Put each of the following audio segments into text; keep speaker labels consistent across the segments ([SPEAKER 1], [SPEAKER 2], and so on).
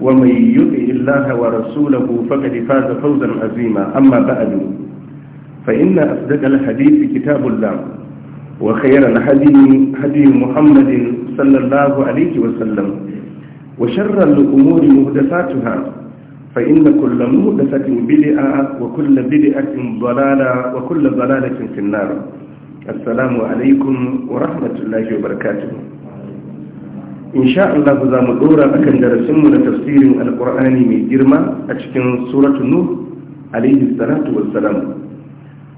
[SPEAKER 1] ومن يطع الله ورسوله فقد فاز فوزا عظيما أما بعد فإن أصدق الحديث كتاب الله وخير الهدي هدي محمد صلى الله عليه وسلم وشر الأمور مهدفاتها فإن كل مهدفة بدعة وكل بدعة ضلالة وكل ضلالة في النار السلام عليكم ورحمة الله وبركاته insha Allah za mu dora akan darasinmu na tafsirin alkur'ani mai girma a cikin suratu nuh alaihi salatu wassalam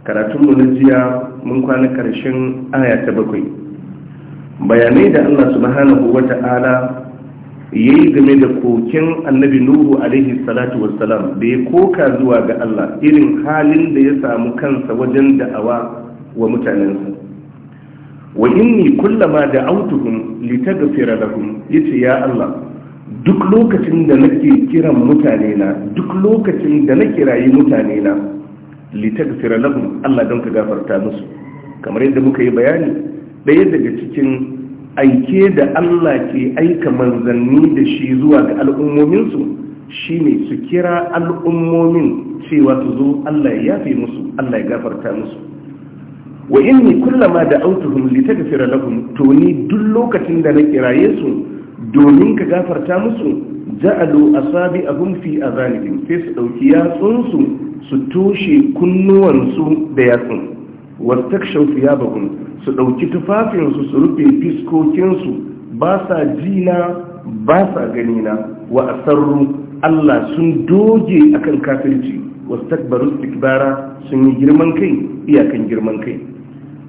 [SPEAKER 1] karatunmu na jiya mun kwana karshen aya ta bakwai bayanai da Allah subhanahu wata'ala yayi game da koken annabi nuhu alaihi salatu wassalam da ya koka zuwa ga Allah irin halin da ya samu kansa wajen da'awa wa mutanensa wa inni kullama da autuhum litaghfira lahum yace ya Allah duk lokacin da nake kiran mutane na duk lokacin da nake rayi mutane na litaghfira lahum Allah don ka gafarta musu kamar yadda muka yi bayani daya daga cikin aike da Allah ke aika manzanni da shi zuwa ga al'ummominsu shine su kira al'ummomin cewa su zo Allah ya yafe musu Allah ya gafarta musu
[SPEAKER 2] wa inni kullama
[SPEAKER 1] da autuhum litaghfira lahum to ni duk lokacin da na kiraye su domin ka gafarta musu ja'alu asabi'ahum fi azanihim sai su dauki yatsun su su toshe kunnuwan su da yatsun wastakshaw thiyabahum su dauki tufafin su su rufe fiskokin su ba sa jina ba sa ganina wa asarru Allah sun doge akan kafirci wastakbaru istikbara sun yi girman kai iyakan girman kai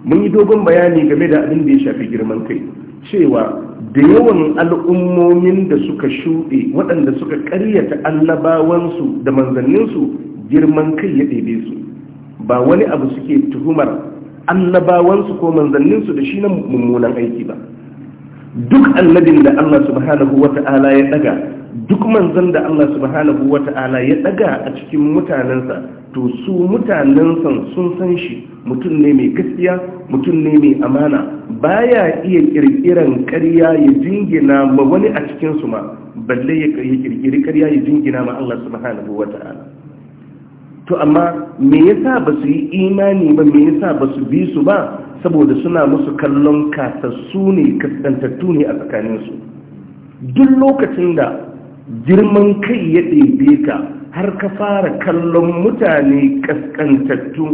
[SPEAKER 1] mun yi dogon bayani game da abin da ya shafi girman kai cewa da yawan al'ummomin da suka shuɗe waɗanda suka karyata annabawansu da manzanninsu girman kai ya ɗebe su ba wani abu suke tuhumar allabawansu ko manzanninsu da shi na mummunan aiki ba duk annabin da Allah subhanahu wata'ala ya ɗaga. duk manzon da Allah subhanahu wata'ala ya daga a cikin mutanensa to su mutanensa sun san shi mutum ne mai gaskiya mutum ne mai amana baya iya kirkiran ƙarya ya jingina ma wani a cikin su ma balle ya kirkiri ƙarya ya jingina ma Allah subhanahu wata'ala to amma me yasa ba su yi imani ba me yasa ba su bi su ba saboda suna musu kallon kasassu ne kasantattu ne a tsakaninsu duk lokacin da girman kai ya ɗebe ka har ka fara kallon mutane ƙasƙantattu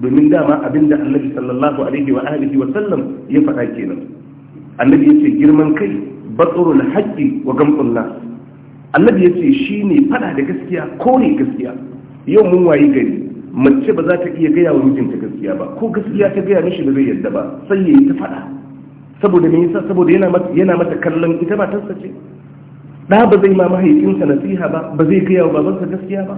[SPEAKER 1] domin dama abin da annabi sallallahu alaihi wa alihi wa sallam ya faɗa kenan annabi ya ce girman kai batsurul haƙƙi wa gamsun nas annabi ya ce shi ne faɗa da gaskiya kore gaskiya yau mun wayi gari mace ba za ta iya gaya wa mijinta gaskiya ba ko gaskiya ta gaya mishi ba zai yadda ba sai ya yi ta faɗa saboda me yasa saboda yana mata kallon ita matarsa ce Da ba zai ma mahaifinsa nasiha ba ba zai gaya wa babansa gaskiya ba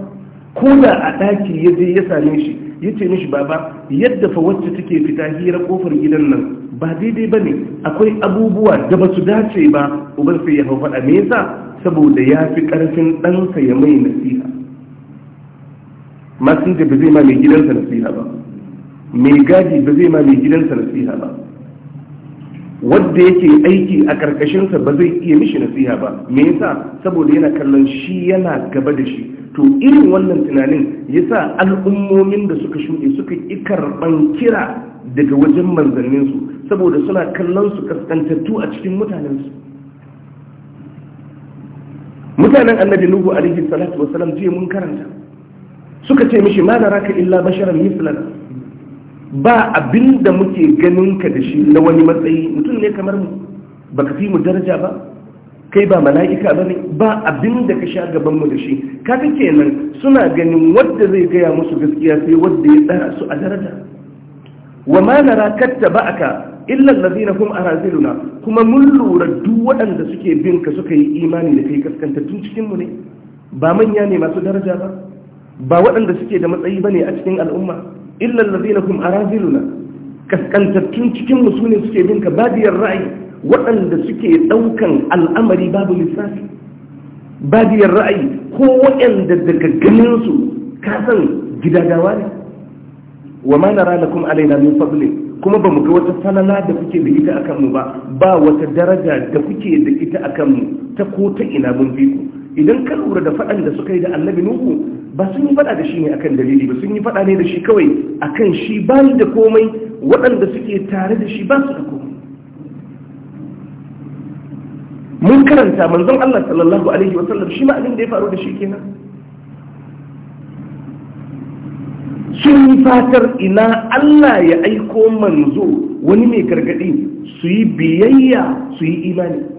[SPEAKER 1] ko da a ɗaki ya je ya same shi ya ce mishi baba yadda fa wacce take fita hira kofar gidan nan ba daidai ba ne akwai abubuwa da ba su dace ba uban sai ya hau faɗa me yasa saboda ya fi ƙarfin ɗansa ya mai nasiha masinja ba zai ma mai gidansa nasiha ba mai gadi ba zai ma mai gidansa nasiha ba wadda yake aiki a karkashinsa ba zai iya mishi nasiha ba me yasa saboda yana kallon shi yana gaba da shi to irin wannan tunanin yasa al'ummomin da suka shuɗe suka ƙi karɓan kira daga wajen manzanninsu saboda suna kallon su kaskantattu a cikin mutanensu mutanen annabi nuhu alaihi salatu wasalam jiya mun karanta suka ce mishi ma da raka illa basharan mislan ba abin da muke ganin ka da shi na wani matsayi mutum ne kamar mu ba ka fi mu daraja ba kai ba mala'ika ba ne ba abin da ka sha gaban mu da shi kaga kenan suna ganin wadda zai gaya musu gaskiya sai wadda ya tsara su a daraja wa ma nara katta aka illa allazina hum araziluna kuma mun lura duk waɗanda suke bin ka suka yi imani da kai tun cikin mu ne ba manya ne masu daraja ba ba waɗanda suke da matsayi bane a cikin al'umma illa allazina hum araziluna kaskantattun cikin mu suke bin ka badiyar ra'ayi waɗanda suke ɗaukan al'amari babu lissafi badiyar ra'ayi ko waɗanda daga ganin su ka san gidagawa ne wa ma nara lakum alaina min fadlin kuma ba mu ga wata falala da kuke da ita akan mu ba ba wata daraja da kuke da ita akan mu ta ko ta ina mun bi ku idan ka lura da faɗan da suka yi da annabi nuhu ba sun yi faɗa da shi ne akan dalili ba sun yi faɗa ne da shi kawai akan shi ba da komai waɗanda suke tare da shi ba su da komai mun karanta manzon Allah sallallahu alaihi wa sallam shi ma abin da ya faru da shi kenan sun yi fatar ina Allah ya aiko manzo wani mai gargaɗi su yi biyayya su yi imani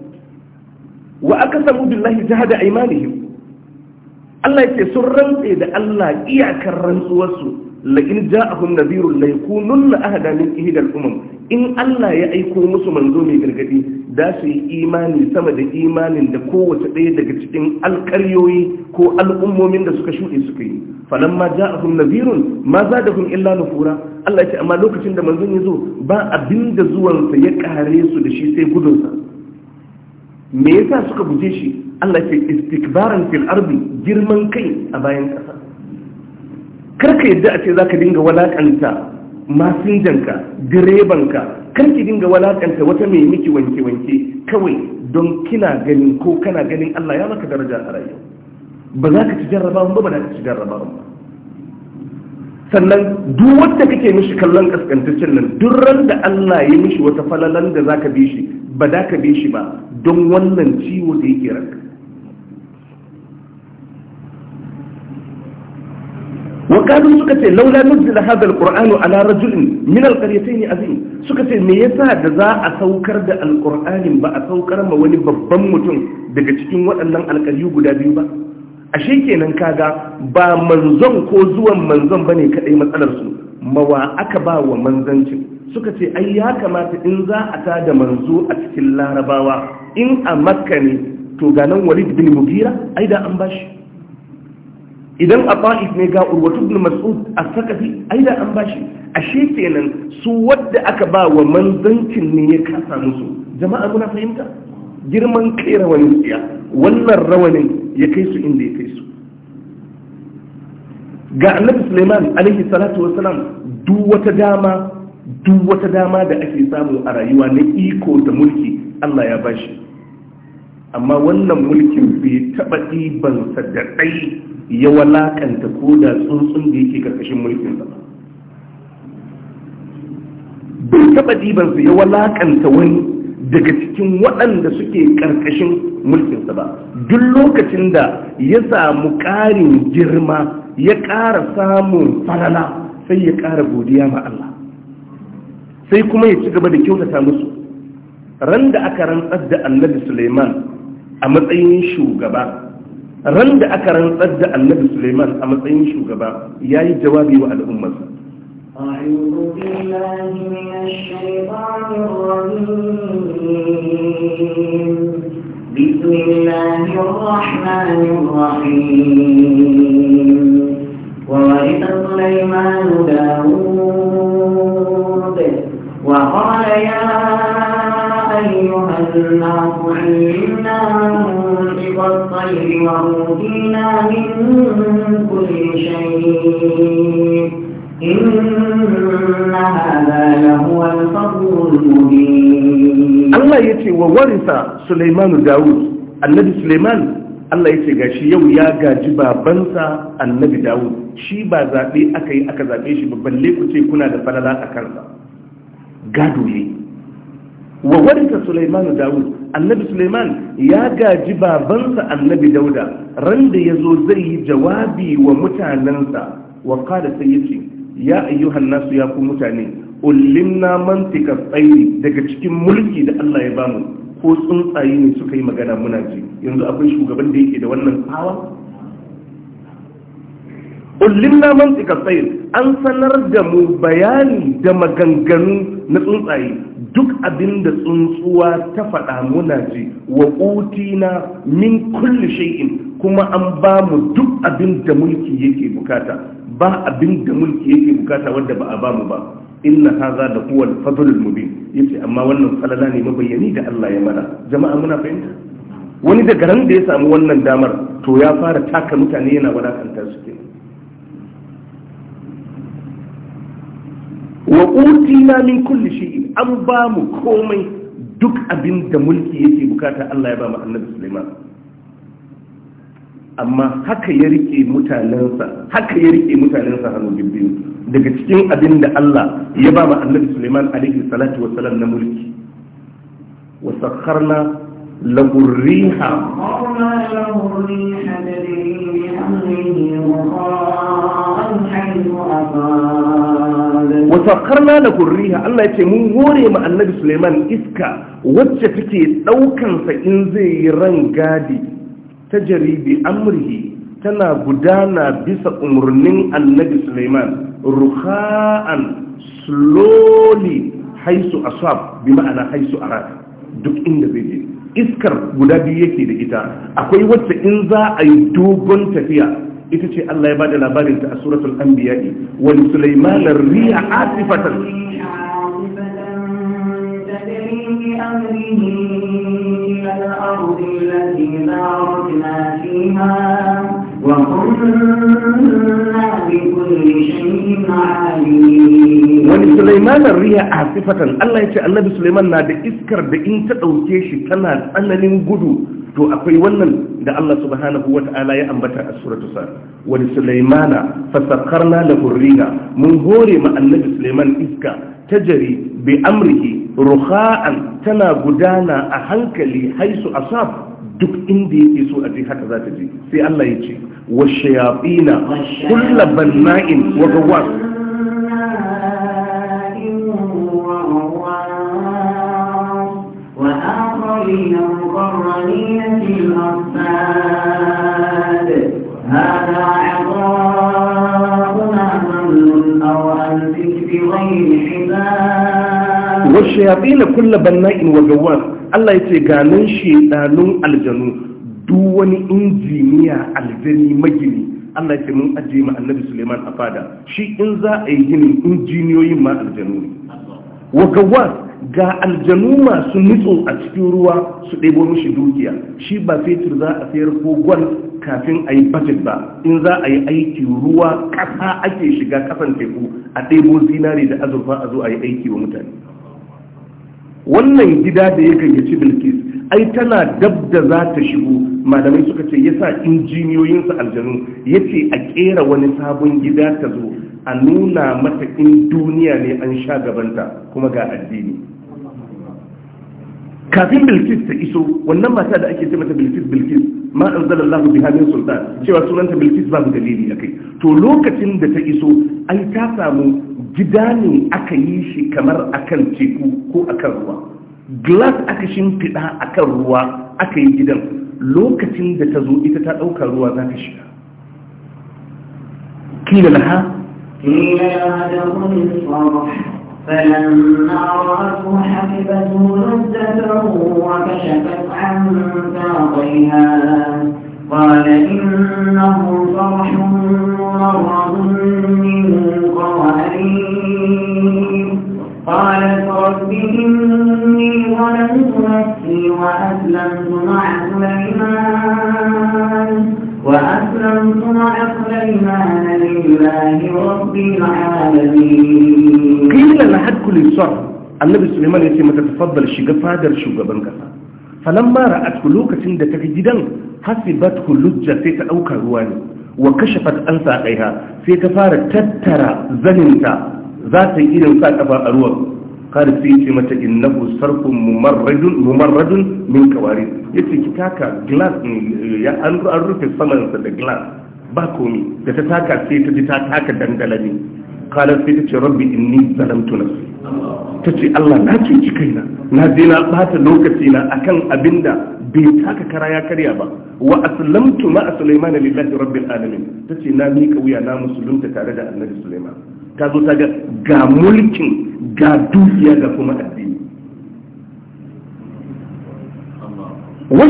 [SPEAKER 1] wa aqsamu billahi jahada aymanihim Allah yake sun rantse da Allah iyakar rantsuwarsu la in ja'ahum nadhirun la yakununna ahada min ihdal umam in Allah ya aiko musu manzo mai gargadi da su yi imani sama da imanin da kowace ɗaya daga cikin alƙaryoyi ko al'ummomin da suka shuɗe suka yi a ja'ahum nadhirun ma zadahum illa nufura Allah ce amma lokacin da manzon ya zo ba abinda zuwansa ya kare su da shi sai gudunsa me yasa suka guje shi Allah ke istikbaran fil ardi girman kai a bayan kasa ka yadda a ce zaka dinga walakanta masinjanka direbanka ki dinga walakanta wata mai miki wanke wanke kawai don kina ganin ko kana ganin Allah ya maka daraja a rayuwa ba za ka ci jarraba ba ba za ka ci jarraba ba sannan duk wanda kake mishi kallon kaskantaccen nan duk ran da Allah ya mishi wata falalan da zaka bi shi ba da ka bi shi ba don wannan ciwo da yake suka ce laula لولا نزل هذا ala على min alqaryatayn azim Suka ce me yasa da za a saukar da alqur'anin ba a saukar ma wani babban mutum daga cikin waɗannan alƙaryu guda biyu ba ashe kenan kaga ba manzon ko zuwan manzon bane kadai matsalar su mawa aka ba wa manzancin suka ce ai ya kamata in za a ta da manzo a cikin larabawa in a makka ne to ga nan walid bin mugira ai da an bashi idan a ta'if ne ga urwatu bin mas'ud a sakafi ai da an bashi ashe kenan su wadda aka ba wa manzancin ne ya kasa musu jama'a muna fahimta girman kai rawanin tsiya wannan rawanin ya kai su inda ya kai su ga annabi suleiman alaihi salatu wasalam duk wata dama duk wata dama da ake samu a rayuwa na iko da mulki Allah ya bashi amma wannan mulkin bai taɓa ɗibansa da ɗai ya walakanta ko da tsuntsun da yake karkashin mulkin ba bai taɓa ɗibansa ya walakanta wani daga cikin waɗanda suke ƙarƙashin mulkinsa ba duk lokacin da ya samu ƙarin girma ya ƙara samun farala, sai ya ƙara godiya ma Allah sai kuma ya ci gaba da kyautata musu ran da aka rantsar da annabi suleiman a matsayin shugaba ran da aka rantsar da annabi suleiman a matsayin shugaba ya yi jawabi wa al'ummarsa
[SPEAKER 3] بسم الله وورث سليمان داود Allah
[SPEAKER 1] ya ce wawarinsa Suleimanu Da'udu, Annabi suleiman Allah ya ce ga shi yau ya gaji babansa Annabi dawud shi ba zaɓe aka yi aka zaɓe shi, babbaleku ce kuna da falala a kansa. gado ne wa Suleiman da Dawud annabi Suleiman, ya gaji babansa annabi Dauda randa da zo zai yi jawabi wa mutanensa, wa kada sai yace ya ayyuhan nasu ya ku mutane ullimna mantika tsayi daga cikin mulki da Allah ya bamu ko tsuntsaye ne suka yi magana muna ji yanzu akwai shugaban da yake da wannan tsawa ullimna man tsikatsayin an sanar da mu bayani da maganganu na tsuntsaye duk abin da tsuntsuwa ta faɗa muna ji wa ƙutina min kulli shay'in kuma an ba mu duk abin da mulki yake bukata ba abin da mulki yake bukata wanda ba a ba mu ba inna haza da huwa al al mubin yace amma wannan falala ne mabayani da Allah ya mana jama'a muna fahimta wani da garan da ya samu wannan damar to ya fara taka mutane yana wadakanta su kenan wa utina min kulli shi an ba mu komai duk abin da mulki yake bukata Allah ya ba mu annabi Sulaiman amma haka ya rike mutanensa haka ya rike mutanensa hannu biyu daga cikin abin da Allah ya ba mu annabi Sulaiman alaihi salatu wassalam na mulki wa sakharna lahu riha wa wasakar na da kurriha Allah ya ce mun hore ma annabi Suleiman iska wacce take ɗaukansa in zai yi ran gadi ta jaribi amurhi tana gudana bisa umarnin annabi Suleiman ruha'an slowly haisu asab bi ma'ana haisu arad duk inda zai je iskar guda biyu yake da ita akwai wacce in za a yi dogon tafiya ita ce Allah ya bada labarin ta a suratul anbiya wani sulaiman riya riha asifatan
[SPEAKER 3] وكنا بكل شيء عليم sulaimanar
[SPEAKER 1] riya asifatan Allah ya ce Annabi Sulaiman na da iskar da in ta ɗauke shi tana tsananin gudu to akwai wannan da Allah subhanahu Ta'ala ya ambata a suratu sa wa Sulaimana fasakharna lahu riha mun hore ma Annabi Sulaiman iska tajari bi amrihi ruha'an tana gudana a hankali haisu asaf duk inda yake so a ji haka za ta ji, sai Allah ya ce wa shayatina kullu banna'in wa gawwas
[SPEAKER 3] wa shayatin
[SPEAKER 1] kull banna'in wa gawwas Allah ce ganin ɗanun aljanu duk wani injiniya aljani magini Allah ce mun aje ma Annabi Suleiman a fada shi in za a yi ginin injiniyoyin ma aljanu ne wa ga aljanu masu nitso a cikin ruwa su ɗebo mishi dukiya shi ba fetur za a sayar ko gwal kafin a yi budget ba in za a yi aiki ruwa ƙasa ake shiga ƙasan teku a ɗebo zinare da azurfa a zo a yi aiki wa mutane wannan gida da ya gayyaci bilkis ai tana dab da za ta shigo malamai suka ce yasa injiniyoyinsa aljanu ya ce a kera wani sabon gida ta zo a nuna mata in duniya ne an sha gabanta kuma ga addini kafin bilkis ta iso wannan mata da ake ce mata bilkis bilkis ma anzala Allah biha min sultan cewa sunanta bilkis mu dalili akai to lokacin da ta iso ai ta samu gida ne aka yi shi kamar akan teku ko akan ruwa glass aka shimfiɗa akan ruwa aka yi gidan lokacin da ta zo ita ta ɗauka ruwa za ta shiga kila laha
[SPEAKER 3] kila laha da wani فلما رأته حسبته لذة وكشفت عن ساقيها قال إنه فرح مرض من قوارير قالت رب إني ظلمت نفسي وأسلمت مع سليمان وأسلمت مع سليمان لله رب
[SPEAKER 1] العالمين قيل لحد كل صرف annabi suleiman ya ce mata tafabbal shiga fadar shugaban kasa mara ra'atku lokacin da ta ga gidan hasibatu lujja sai ta dauka ruwa ne wa kashafat an saqaiha sai ta fara tattara zaninta za ta yi irin sa kafa a ruwa. kada sai ce mata innahu sarfun mumarradun mumarradun min kawari yace ki taka glass ne ya an rufe saman sa da glass ba komi da ta taka sai ta ji ta taka dandalami kala sai ta ce rabbi inni zalamtu nafsi ta ce Allah na cuci kaina na je na bata lokaci na akan abinda bai taka kara ya karya ba wa aslamtu ma sulaiman lillahi rabbil alamin ta ce na mika wuya na musulunta tare da annabi sulaiman ta zo ta ga mulkin ga dukiya ga kuma addini wa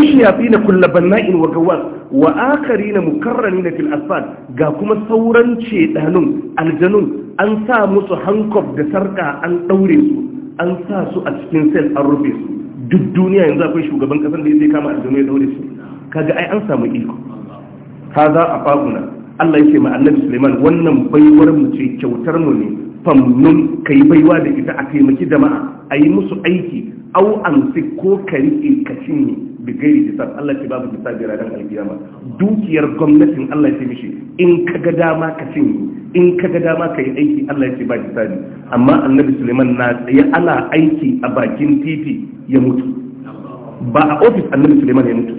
[SPEAKER 1] gawar wa wa'akari na mukarrani na filasfad ga kuma sauran cedanun aljanun an sa musu hankof da sarka an ɗaure su an sa su a cikin sel an rufe su duk duniya yanzu akwai shugaban kasar da zai kama aljanu ya ɗaure su kaga ai an samu iko Ka za a faguna Allah yake ma annabi Suleiman wannan baiwar mu ce kyautar mu ne famnun kai baiwa da ita a taimaki jama'a a yi musu aiki au an si ko ka riƙe ka cinye bi gairi hisab Allah ce babu hisabi ranar alkiyama dukiyar gwamnatin Allah ya ce mishi in ka ga dama ka cinye in ka ga dama ka yi aiki Allah ya ce ba hisabi amma annabi Suleiman na tsaye ana aiki a bakin titi ya mutu ba a ofis annabi Suleiman ya mutu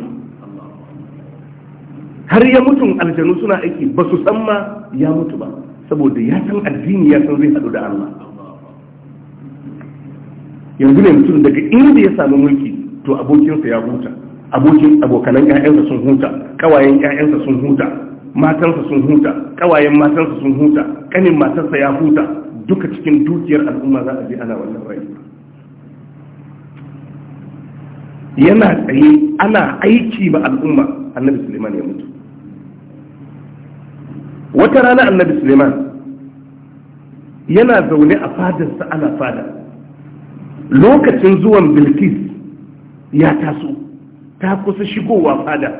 [SPEAKER 1] har ya mutu aljanu suna aiki ba su san ma ya mutu ba saboda ya san addini ya san zai haɗu da Allah yanzu ne mutum daga inda ya samu mulki to abokinsa ya huta abokin abokanan ƴaƴansa sun huta kawayen ƴaƴansa sun huta matansa sun huta kawayen matansa sun huta kanin matarsa ya huta duka cikin dukiyar al'umma za a je ana wannan rai yana tsaye ana aiki ba al'umma annabi suleiman ya mutu wata rana annabi suleiman yana zaune a fadarsa ana fada lokacin zuwan bilkis ya taso ta kusa shigowa fada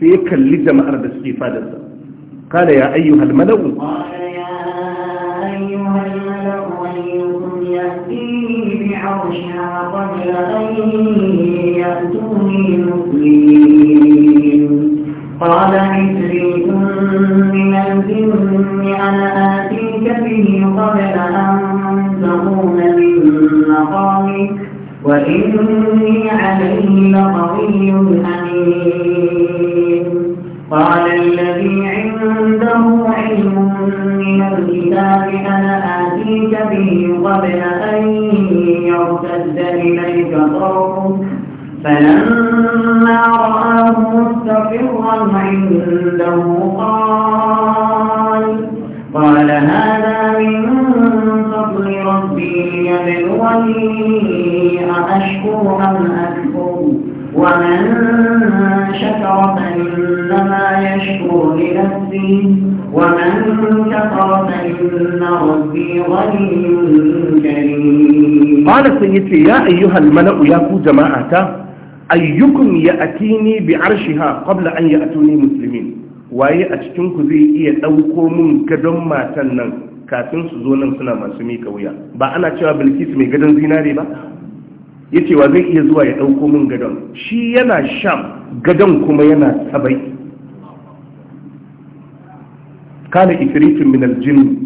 [SPEAKER 1] sai ya kalli jama'ar da suke fadarsa kala ya ayyuhal mala'u
[SPEAKER 3] بعرشها قبل أن يأتوني مسلمين قال عفريت من الجن أنا آتيك به قبل أن تقوم من مقامك وإني عليه لقوي أمين قال الذي عنده علم من الكتاب أنا آتيك به قبل أن يرتد إليك فلما رآه مستقرا عنده قال قال هذا من فضل ربي ليبلغني أأشكر أم أكفر ومن شكر فإنما يشكر لنفسه ومن كفر فإن ربي غني
[SPEAKER 1] كريم قال سيدي يا أيها الملأ يا جماعة ayyukum ya atini bi arshiha qabla an ya atuni muslimin waye a cikinku zai iya ɗauko mun gadon matan nan kafin su zo nan suna masu mika wuya ba ana cewa bilkisu mai gadon zinare ba ya cewa zai iya zuwa ya ɗauko mun gadon shi yana sham gadon kuma yana sabai kana ifiritu min jinnu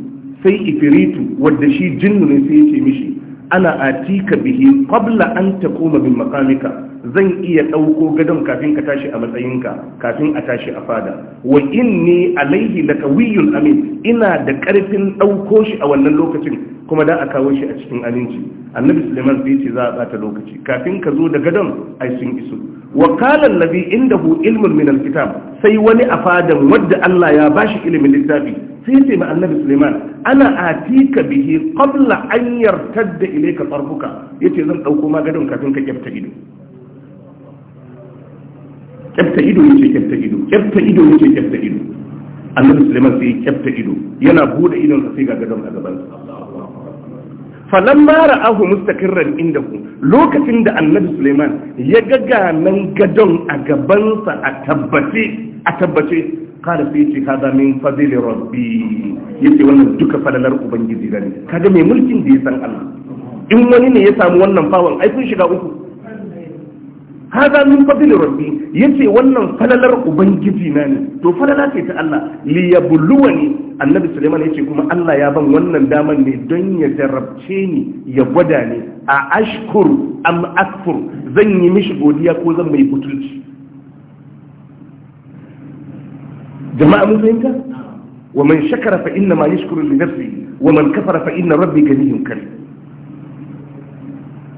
[SPEAKER 1] sai ifiritu wanda shi jinnu ne sai yace mishi ana atika bihi qabla an takuma bin makamika zan iya ɗauko gadon kafin ka tashi a matsayinka kafin a tashi a fada wa inni alaihi da kawiyun amin ina da ƙarfin ɗauko shi a wannan lokacin kuma da a kawo shi a cikin aminci annabi suleiman zai ce za a ɓata lokaci kafin ka zo da gadon ai sun iso wa kala allazi indahu ilmun min alkitab sai wani a fadan wadda Allah ya bashi ilimin littafi sai ce ma annabi suleiman ana atika bihi qabla an yartadda ilayka Ya yace zan ɗauko ma gadon kafin ka kyafta ido kyafta ido yace kyafta ido kyafta ido yace kyafta ido annabi Sulaiman sai kyafta ido yana bude idon sa sai ga gadon a gaban sa falamma ra'ahu mustaqirran indahu lokacin da annabi Sulaiman ya ga ganan gadon a gaban sa a tabbace a tabbace kada sai ce kaza min fadli rabbi yace wannan duka falalar ubangiji gani kaga mai mulkin da ya san Allah in wani ne ya samu wannan fawon ai kun shiga uku haza min fadli rabbi yace wannan falalar ubangiji na ne to falala ce ta Allah li yabluwani annabi Sulaiman yace kuma Allah ya ban wannan daman ne don ya jarabce ni ya gwada ni a ashkur am akfur zan yi mishi godiya ko zan mai butulci jama'a mun fahimta wa man shakara wa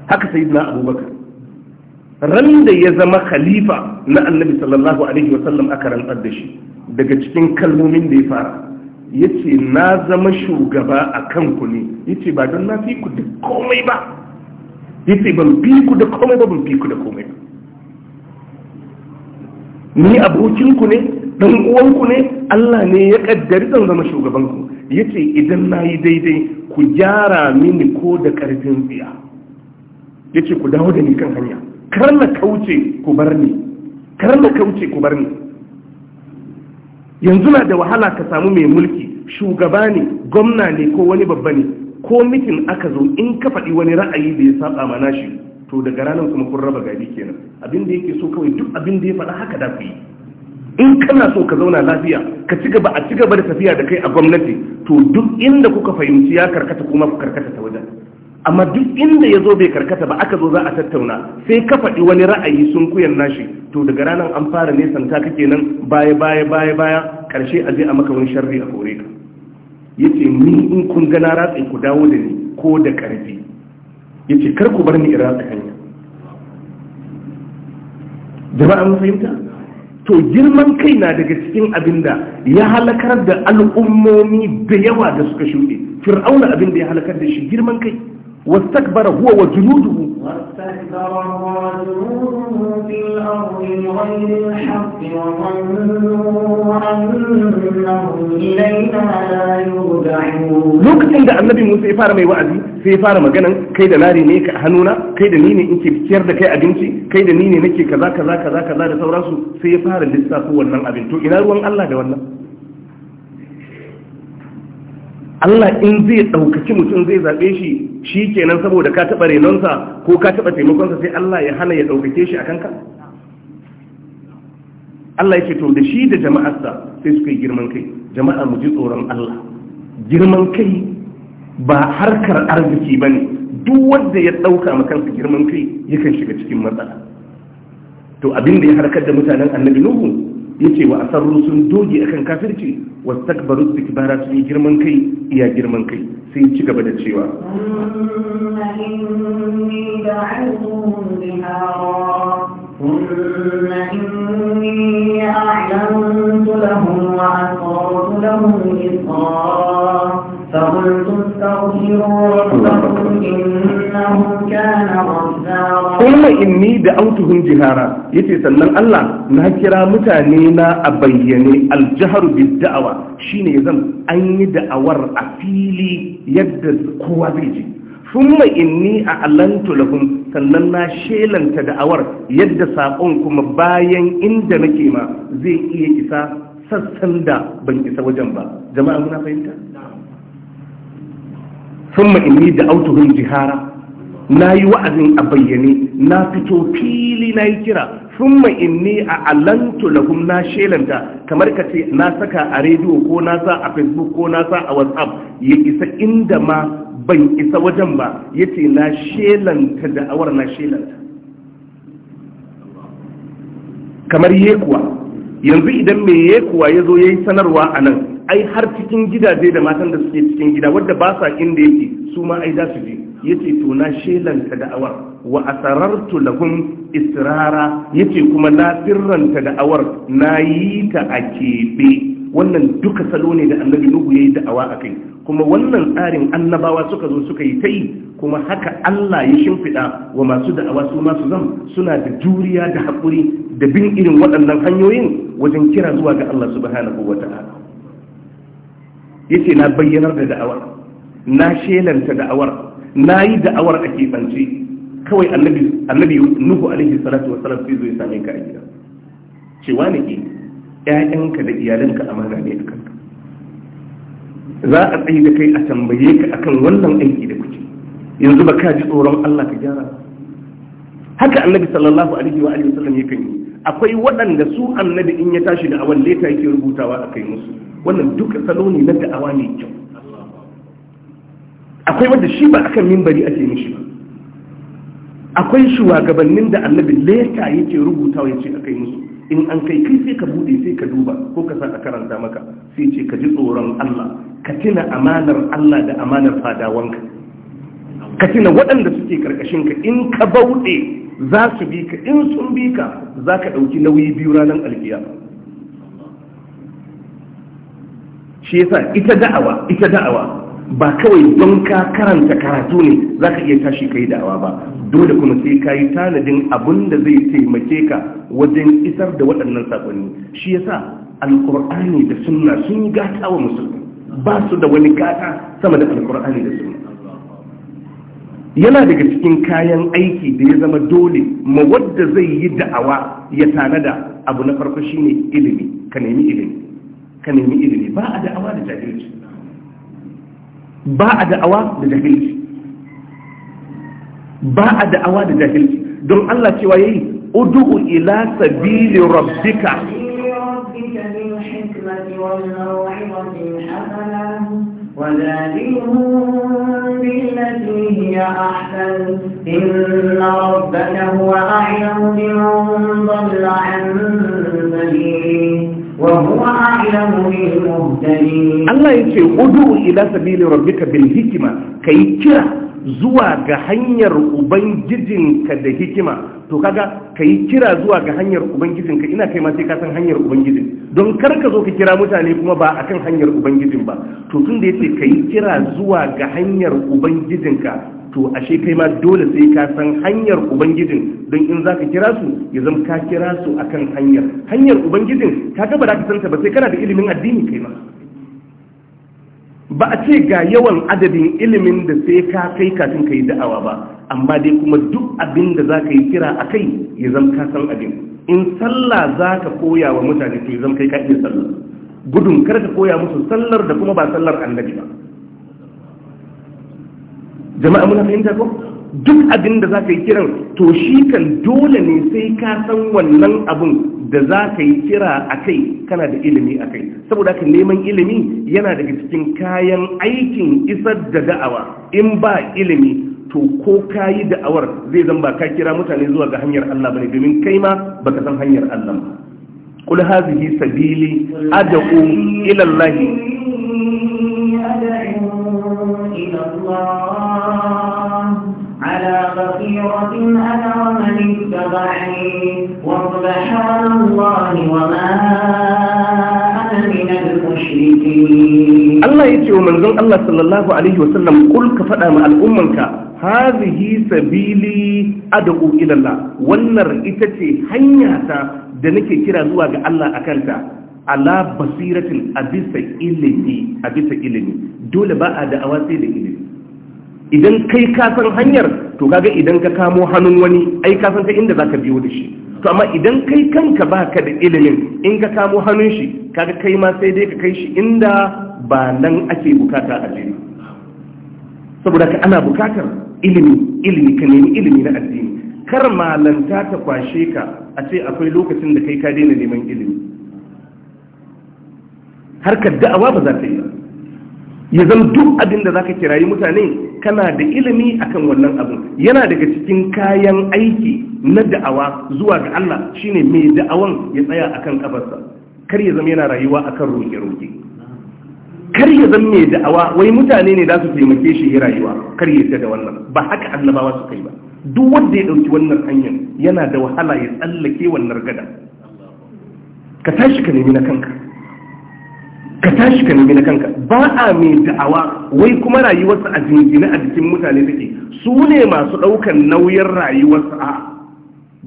[SPEAKER 1] haka sayyidina abubakar ran da ya zama khalifa na annabi sallallahu alaihi wasallam aka rantsar da shi daga cikin kalmomin da ya fara ya ce na zama shugaba a kanku ne ya ce ba don na fi ku da komai ba ya ce ban fi ku da komai ba ban fi ku da komai ba ni abokinku ne dan uwanku ne Allah ne ya kaddari zan zama shugabanku ya ce idan na yi daidai ku gyara mini ko da karfin tsiya ya ce ku dawo da ni kan hanya kar na kauce ku bar ni kar kauce ku bar ni yanzu na da wahala ka samu mai mulki shugaba ne gwamna ne ko wani babba ne ko mitin aka zo in ka faɗi wani ra'ayi da ya saba ma shi to daga ranar kuma kun raba gari kenan abin da yake so kawai duk abin da ya faɗa haka da ku yi in kana so ka zauna lafiya ka ci gaba a ci gaba da tafiya da kai a gwamnati to duk inda kuka fahimci ya karkata kuma ku karkata ta wajen amma duk inda ya zo bai karkata ba aka zo za a tattauna sai ka faɗi wani ra'ayi sun kuyan nashi to daga ranar an fara ta kake nan baya baya baya baya karshe a zai a maka wani sharri a kore ka Ya ce ni in kun gana ratsi ku dawo da ni ko da karfi ce kar ku bar ni in ratsa hanya jama'a mun fahimta to girman kai na daga cikin abin da ya halakar da al'ummomi da yawa da suka shuɗe fir'auna abin da ya halakar da shi girman kai واستكبر هو وجنوده
[SPEAKER 3] واستكبر هو وجنوده في الأرض بغير الحق وظنوا أنهم إلينا لا يرجعون
[SPEAKER 1] لوكتين ده النبي موسى يفار مي وعدي sai ya fara maganan kai da lari ne a hannuna kai da ni ne in ke ciyar da kai abinci kai da ni ne nake kaza kaza kaza kaza da sauransu sai ya fara lissafo wannan ina ruwan Allah da wannan Allah in zai ɗaukaci mutum zai zaɓe shi shi kenan saboda ka taɓa renonsa ko ka taɓa taimakonsa sai Allah ya hana ya ɗaukake shi a kanka? Allah ya to da shi da jama'arsa sai suka yi girman kai jama'a mu ji tsoron Allah girman kai ba harkar arziki ba ne duk wanda ya ɗauka kansa girman kai yakan shiga cikin matsala to abin da ya harkar da mutanen annabi nuhu yace wa asarru sun doge akan kafirci wastakbaru istikbara sun girman kai iya girman kai sai ci gaba da cewa
[SPEAKER 3] ثم inni أعلنت لهم وأسررت لهم إسرارا فقلت استغفروا ربكم إنه كان غفارا ثم
[SPEAKER 1] إني دعوتهم جهارا يتي سنن الله نكرا متانينا أبيني الجهر بالدعوة شين يزن أي دعوة أفيلي يد قوة بيجي ثم إني أعلنت لهم sannan na shelanta da'awar yadda saƙon kuma bayan inda nake ma zai iya isa sassan da ban isa wajen ba jama'a muna fahimta thumma inni autuhun jihara na yi wa'azin a bayyane na fito fili na yi kira thumma inni a alantu lahum na shelanta kamar ka ce na saka a rediyo ko na sa a facebook ko na sa a whatsapp ya isa inda ma ban isa wajen ba ya ce na shelanta awar na shelanta kamar yekuwa yanzu idan me ya kuwa ya zo ya yi sanarwa a nan ai har cikin gidaje da matan da suke cikin gida wadda ba sa inda yake su ma ai za su je ya ce to na shelanta da'awar wa a asarartu lahum israra ya ce kuma na sirranta da'awar na yi ta a keɓe wannan duka salo ne da annabi nuhu ya yi da'awa a kai kuma wannan tsarin annabawa suka zo suka yi ta yi kuma haka allah ya shimfiɗa wa masu da'awa su masu zam suna da juriya da haƙuri da bin irin waɗannan hanyoyin wajen kira zuwa ga Allah subhanahu wa ta'ala yace na bayyanar da da'awar na shelanta da'awar na yi da'awar a keɓance kawai annabi nuhu alaihi salatu wa salam sai ya same ka a gida cewa ne ke ƴaƴanka da iyalanka amana ne a kanka za a tsaye da kai a tambaye ka akan wannan aiki da kuke yanzu ba ka ji tsoron Allah ka gyara haka annabi sallallahu alaihi wa alihi wasallam yakan yi akwai waɗanda su annabi in ya tashi da awan leta yake rubutawa a kai musu wannan duk salo ne na da'awa ne kyau akwai wanda shi ba akan mimbari ake mishi ba akwai shugabannin da annabi leta yake rubutawa ya ce a kai musu in an kai kai sai ka bude sai ka duba ko ka sa a karanta maka sai ce ka ji tsoron Allah ka tuna amanar Allah da amanar fadawanka ka tuna waɗanda suke karkashin ka in ka bauɗe za su bi ka in sun bi ka za ka ɗauki nauyi biyu ranar alkiya shi yasa ita da'awa ita da'awa ba kawai don ka karanta karatu ne za ka iya tashi ka da'awa ba dole kuma sai ka yi tanadin abin da zai taimake ka wajen isar da waɗannan saƙonni shi yasa alƙur'ani da sunna sun gata wa musulmi ba su da wani gata sama da alƙur'ani da sunna yana daga cikin kayan aiki da ya zama dole ma wadda zai yi da'awa ya tanada abu na farko shine ilimi ka nemi ilimi ka nemi ilimi ba a da'awa da jahilci ba a da'awa da jahilci ba a da'awa da jahilci don Allah cewa yayi ud'u ila sabili rabbika
[SPEAKER 3] وذلكهم التي أحسن إن ربك هو أعلم بمن ضل عن سبيله الله يقول ادعو
[SPEAKER 1] إلى سبيل ربك بالحكمة كي كرة zuwa ga hanyar ubangijinka da hikima to kaga ka yi kira zuwa ga hanyar ubangijinka ina kai ma sai ka san hanyar ubangijin don kar ka zo ka kira mutane kuma ba akan hanyar ubangijin ba to tun da yace ka yi kira zuwa ga hanyar ubangijinka to ashe kai ma dole sai ka san hanyar ubangijin don in za ka kira su ya zama ka kira su akan hanyar hanyar ubangijin ka ga ba za ka san ta ba sai kana da ilimin addini kai ma ba a ce ga yawan adadin ilimin da sai ka kai kafin ka yi da'awa ba amma dai kuma duk abin da za ka yi kira a kai ya zama ka san abin in sallah za ka koya wa mutane to ya zama kai ka iya sallah gudun kar ka koya musu sallar da kuma ba sallar annabi ba jama'a muna fahimta ko duk abin da za ka yi kiran to shi kan dole ne sai ka san wannan abin da za ka yi kira a kai kana da ilimi a kai saboda haka neman ilimi yana daga cikin kayan aikin isar da da'awa in ba ilimi to ko ka yi da'awar zai zan ba ka kira mutane zuwa ga hanyar Allah bane domin kai ma ba ka san hanyar Allah ba kul hazihi sabili ad'u ila Allah
[SPEAKER 3] ila Allah إن أنا ومن اتبعني وسبحان الله وما
[SPEAKER 1] Allah ya ce wa manzon Allah sallallahu alaihi wa sallam kul ka faɗa ma al'ummanka hazihi sabili ad'u ila wannan ita ce hanya ta da nake kira zuwa ga Allah a kanta ala basiratin abisa bisa abisa ilimi dole ba a da'awa sai da ilimi idan kai ka san hanyar to kaga idan ka kamo hannun wani ai ka san ta inda zaka biyo da shi to amma idan kai kanka baka da ilimin in ka kamo hannun shi kaga kai ma sai dai ka kai shi inda ba nan ake bukata a jini saboda ka ana bukatar ilimi ilimi ka nemi ilimi na addini kar malanta ta kwashe ka a ce akwai lokacin da kai ka daina neman ilimi harkar da'awa ba za ta yi ba ya zama duk abin da za ka kirayi mutane kana da ilimi akan wannan abin yana daga cikin kayan aiki na da'awa zuwa ga Allah shine mai da'awan ya tsaya akan kafarsa kar ya zama yana rayuwa akan roƙe-roƙe kar ya zama mai da'awa wai mutane ne za su taimake shi ya rayuwa kar ya da wannan ba haka annabawa su kai ba duk wanda ya ɗauki wannan hanyar yana da wahala ya tsallake wannan gada ka tashi ka nemi na kanka ka tashi ka nemi na kanka ba a mai da'awa wai kuma rayuwarsa a jingine a jikin mutane take su ne masu ɗaukan nauyin rayuwarsa a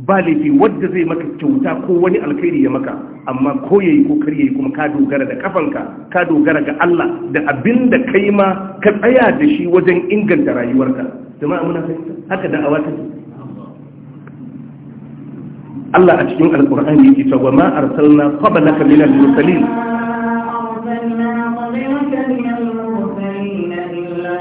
[SPEAKER 1] ba laifi wadda zai maka kyauta ko wani alkhairi ya maka amma ko ya yi ko kar yi kuma ka dogara da kafanka ka dogara ga Allah da abin da kai ma ka tsaya da shi wajen inganta rayuwarka jama'a muna fahimta haka da'awa take Allah a cikin alkur'ani yake cewa ma arsalna qablaka minal mursalin
[SPEAKER 3] أرسلنا قبلك من المرسلين إلا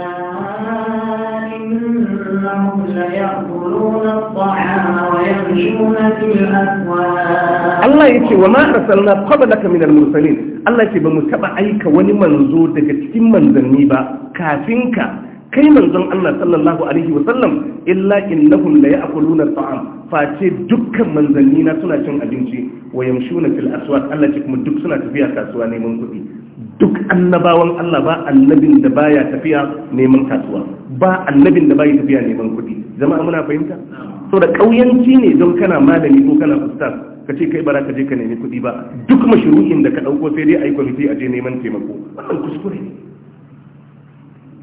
[SPEAKER 3] إنهم ليأكلون الطعام ويمشون في الأسواق الله يتي وما
[SPEAKER 1] أرسلنا قبلك من المرسلين الله يتي بمتبع أيك ونمنزور دكتين منزلني كافنك kai manzon Allah sallallahu alaihi wa sallam illa innahum la ya'kuluna ta'am face dukkan manzanni na suna cin abinci wa yamshuna fil aswaq Allah ce kuma duk suna tafiya kasuwa neman kuɗi duk annabawan Allah ba annabin da baya tafiya neman kasuwa ba annabin da baya tafiya neman kuɗi jama'a muna fahimta so da kauyanci ne don kana malami ko kana ustaz ka ce kai bara ka je ka nemi kuɗi ba duk mashru'in da ka ɗauko sai dai a yi kwamiti a je neman taimako wannan kuskure ne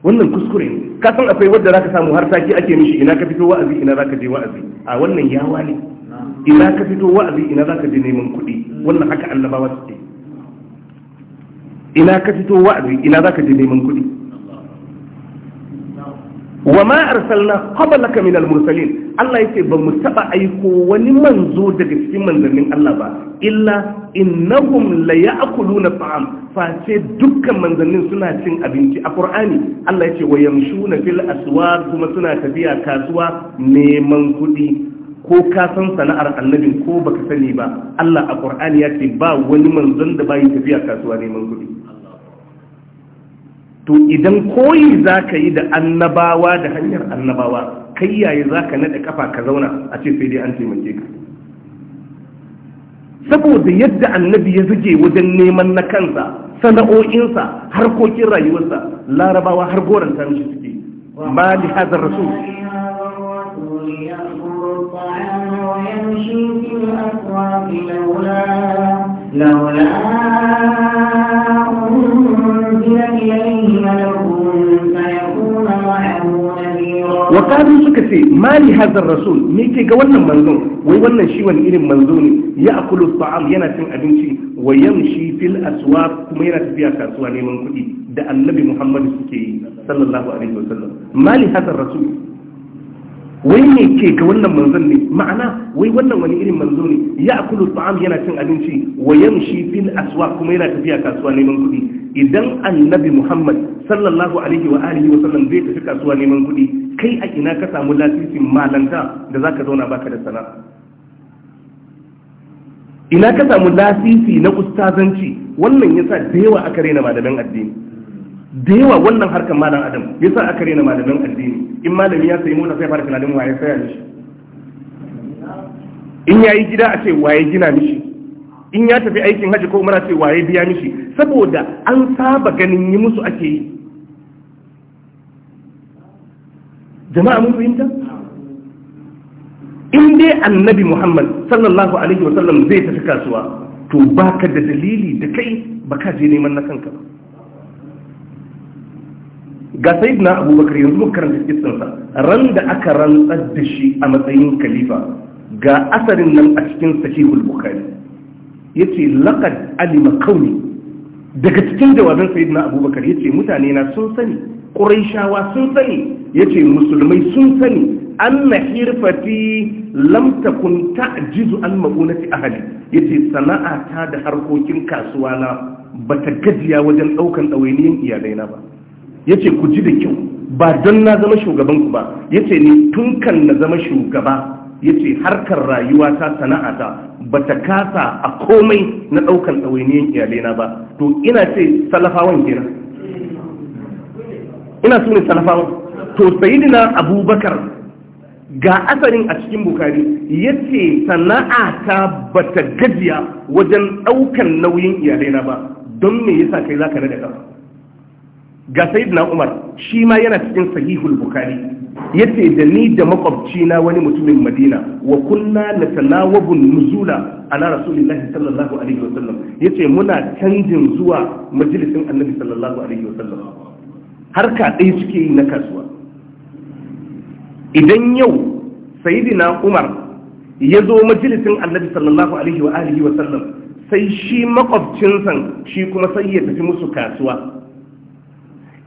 [SPEAKER 1] wannan kuskure ka san akwai wadda zaka samu har saki ake mishi ina ka fito wa'azi ina zaka je wa'azi a wannan yawa ne ina ka fito wa'azi ina zaka je neman kuɗi wannan haka annabawa suke ina ka fito wa'azi ina zaka je neman kuɗi wa ma arsalna qablaka min al-mursalin Allah yace ba mu taba aiko wani manzo daga cikin manzannin Allah ba illa innahum la ya'kuluna ta'am fa ce dukkan manzannin suna cin abinci a Qur'ani Allah yace wa yamshuna fil aswaq kuma suna tafiya kasuwa neman kuɗi ko ka san sana'ar annabin ko baka sani ba Allah a Qur'ani ya ce ba wani manzon da bai tafiya kasuwa neman kuɗi to idan koyi za ka yi da annabawa da hanyar annabawa kai yayi za ka naɗa kafa ka zauna a ce sai dai an taimake ka saboda yadda annabi ya zuge wajen neman na kansa sana'o'insa harkokin rayuwarsa larabawa har goran ta mishi suke ba li hadar rasul
[SPEAKER 3] لولا wa qalu
[SPEAKER 1] suka ce mali hazar rasul me ke ga wannan manzo wai wannan shi wani irin manzo ne ya akulu ta'am yana cin abinci wa yamshi fil aswaq kuma yana tafiya kasuwa neman kuɗi da annabi muhammad suke yi sallallahu alaihi wa sallam. mali hazar rasul wai me ke ga wannan manzon ne ma'ana wai wannan wani irin manzo ne ya akulu ta'am yana cin abinci wa yamshi fil aswaq kuma yana tafiya kasuwa neman kuɗi idan annabi muhammad sallallahu alaihi wa alihi wa sallam zai tafi kasuwa neman kuɗi kai a ina ka samu lasisin malanta da za ka zauna baka da sana'a ina ka samu lasisi na ustazanci wannan yasa da yawa aka rena malamin addini da yawa wannan harkar malam adam yasa aka rena malamin addini in malami ya sayi mota sai fara tunanin waye saya mishi in yayi gida a ce waye gina mishi in ya tafi aikin haji ko umara ce waye biya mishi saboda an saba ganin yi musu ake yi jama'a mun fahimta in dai annabi muhammad sallallahu alaihi wasallam zai tafi kasuwa to baka da dalili da kai baka je neman na kanka ba ga sayid abubakar yanzu muka karanta ran da aka rantsar da shi a matsayin khalifa ga asarin nan a cikin sahihul bukhari yace laqad alima kauni daga cikin jawaban saidina abubakar yace mutane na sun sani ƙuraishawa sun sani Ya ce musulmai sun sani An na hirfati lamtakun ta ta'jizu an a Ya ce sana'a ta da harkokin kasuwa na ta gajiya wajen daukan iyalai na ba Ya ce ku ji da kyau ba don na zama shugabanku ba. Ya ce ni tun kan na zama shugaba Ya ce harkar rayuwa ta ba ta kasa a komai na ɗaukan ɗawainiyan iyalena ba to ina ce salafawan kenan ina su ne salafawan to sayidina abubakar ga asarin a cikin bukari ya ce ta ba ta gajiya wajen ɗaukan nauyin iyalaina ba don me yasa kai za ka rada ga sayidina umar shi ma yana cikin sahihul bukari yace da ni da makwabcina wani mutumin madina wa kunna tanawabun nuzula ala rasulillahi sallallahu alaihi wa sallam yace muna canjin zuwa majalisin annabi sallallahu alaihi wa sallam. harka ɗaya suke yi na kasuwa idan yau sayyidina umar ya zo majalisin annabi sallallahu alaihi wa alihi sallam sai shi makwabcinsa shi kuma sai ya tafi musu kasuwa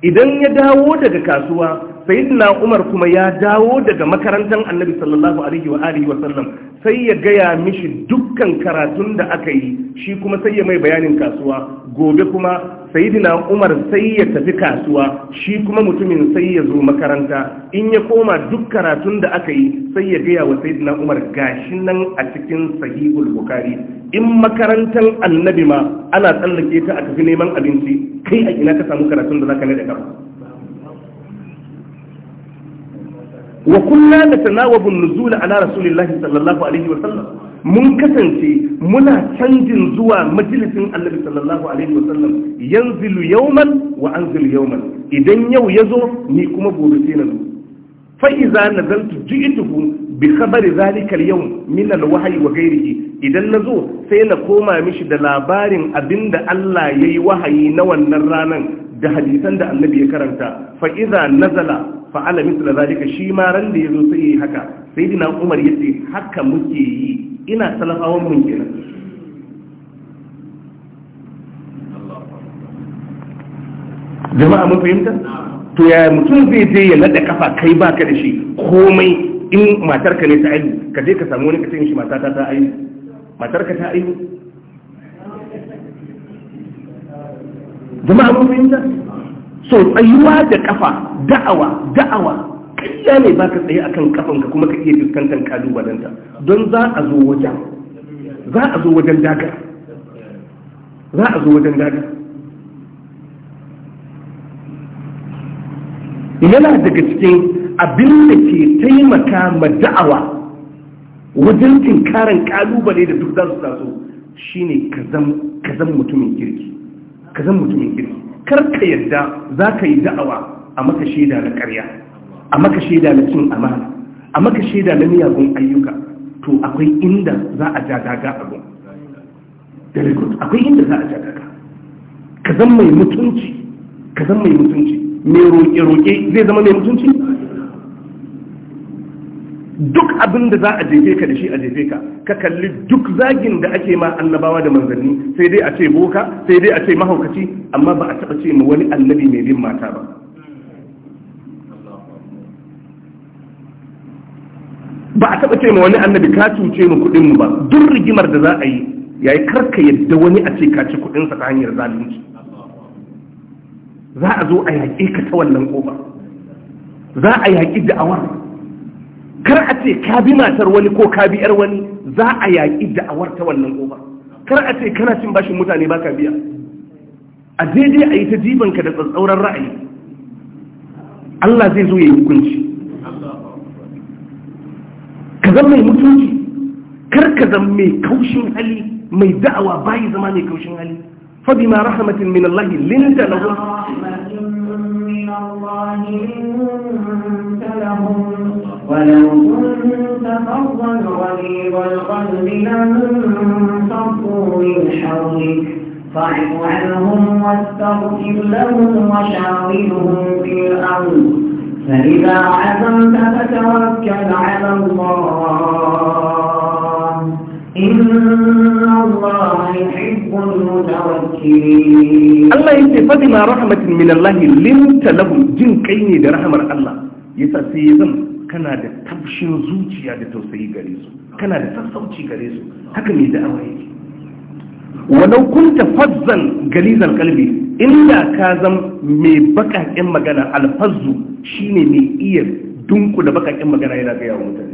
[SPEAKER 1] idan ya dawo daga kasuwa na Umar kuma ya dawo daga makarantar Annabi sallallahu alaihi wa alihi wa sallam sai ya gaya mishi dukkan karatun da aka yi shi kuma sai ya mai bayanin kasuwa gobe kuma sayyidina Umar sai ya tafi kasuwa shi kuma mutumin sai ya zo makaranta in ya koma duk karatun da aka yi sai ya gaya wa sayyidina Umar gashi nan a cikin sahihul bukhari in makarantar Annabi ma ana tsallake ta a tafi neman abinci kai a ina ka samu karatun da zaka ne da kafa wa kunna natanawabu an-nuzul ala rasulillahi sallallahu alaihi wa sallam mun kasance muna canjin zuwa majalisin annabi sallallahu alaihi wa sallam yanzilu yawman wa anzilu yawman idan yau ya zo ni kuma gobe sai na zo fa'iza na zantu ji'ituhu bi khabari zalikal yau minal wahayi wa gairiki idan na zo sai na koma mishi da labarin abinda Allah ya yi wahayi na wannan ranar da hadisan da annabi ya karanta fa'iza nazala fa'ala misla zalika shi ma ran da ya zo sai yi haka sai dina umar ya ce haka muke yi ina salafawan mun kenan
[SPEAKER 2] jama'a mun fahimta
[SPEAKER 1] to ya mutum zai je ya nada kafa kai ba ka da shi komai in matarka ne ta aihu ka je ka samu wani ka ce shi matata ta aihu matarka ta aihu jama'a mun fahimta so tsayuwa da kafa da'awa da'awa kariya ne ba ka tsaye akan kafanka kuma ka iya fuskantar kalubalenta don za a zo wajen za a zo wajen daga za a zo wajen daga yana daga cikin abin da ke taimaka ma da'awa wajen tinkarin kalubale da duk za su taso shine ka zan mutumin kirki ka zan mutumin kirki kar ka yadda za ka yi da'awa a maka shaida na karya a maka shaida na cin amana a maka shaida na miyagun ayyuka to akwai inda za a ja daga abu akwai inda za a ja daga ka zan mai mutunci ka zan mai mutunci mai roƙe-roƙe zai zama mai mutunci duk abin da za a jefe ka da shi a jefe ka ka kalli duk zagin da ake ma annabawa da manzanni sai dai a ce boka sai dai a ce mahaukaci amma ba a taɓa ce ma wani annabi mai bin mata ba ba a taɓa ce ma wani annabi ka cuce mu kuɗin mu ba duk rigimar da za a yi yayi karka yadda wani a ce ka ci kuɗinsa ta hanyar zalunci za a zo a yaƙe ka ta wannan ƙofa za a yaƙi da'awar kar a ce ka bi matar wani ko ka bi 'yar wani za a yaƙi da'awar ta wannan ƙofa kar a ce kana cin bashin mutane ba ka biya a daidai a yi ta jibanka da tsatsauran ra'ayi Allah zai zo ya yi hukunci ka zama mai mutunci kar ka zama mai kaushin hali mai da'awa bayi zama mai kaushin hali فبما رحمة من الله لنت لهم
[SPEAKER 3] من الله لنت لهم ولو كنت فظا غليظ القلب لانفضوا من حولك فاعف عنهم واستغفر لهم وشاورهم في الأمر فإذا عزمت فتوكل على الله إن Allah
[SPEAKER 1] ya ce fadi ma rahmatin min Allah limta lahum jin kai ne da rahamar Allah yasa sai ya zama kana da tafshin zuciya da tausayi gare su kana da sassauci gare su haka ne da awaye walau kunta fazzan galizar kalbi inda ka zam mai bakakin magana alfazzu shine mai iya dunku da bakakin magana yana ga yawon mutane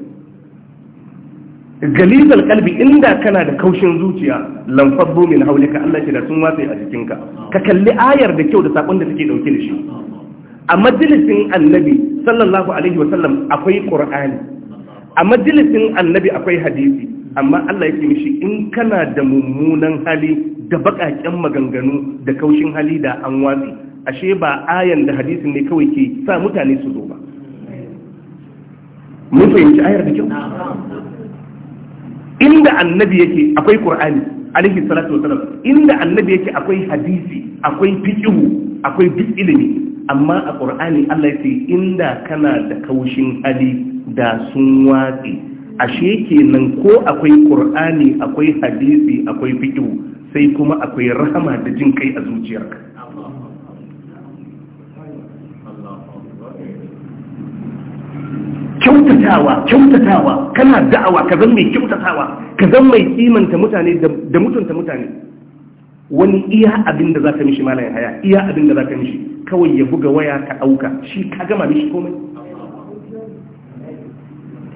[SPEAKER 1] galizal kalbi inda kana da kaushin zuciya lamfaddo min haulika Allah ke da sun watsa a jikinka ka kalli ayar da kyau da sakon da take dauke da shi a majalisin annabi sallallahu alaihi wa sallam akwai qur'ani a majalisin annabi akwai hadisi amma Allah yake mishi in kana da mummunan hali da bakaken maganganu da kaushin hali da an watsi ashe ba ayan da hadisin ne kawai ke sa mutane su zo ba mun fahimci ayar da kyau inda annabi yake akwai qur'ani alaihi salatu wasalam inda annabi yake akwai hadisi akwai fiqhu akwai duk ilimi amma a qur'ani Allah ya inda kana da kaushin hali da sun watsi ashe kenan ko akwai qur'ani akwai hadisi akwai fiqhu sai kuma akwai rahama da jin kai a zuciyarka kyautatawa kyautatawa kana da'awa ka zan mai kyautatawa ka zan mai kimanta mutane da mutunta mutane wani iya abin da za ka mishi malayin haya iya abin da za ka mishi kawai ya buga waya ka auka, shi ka gama mishi komai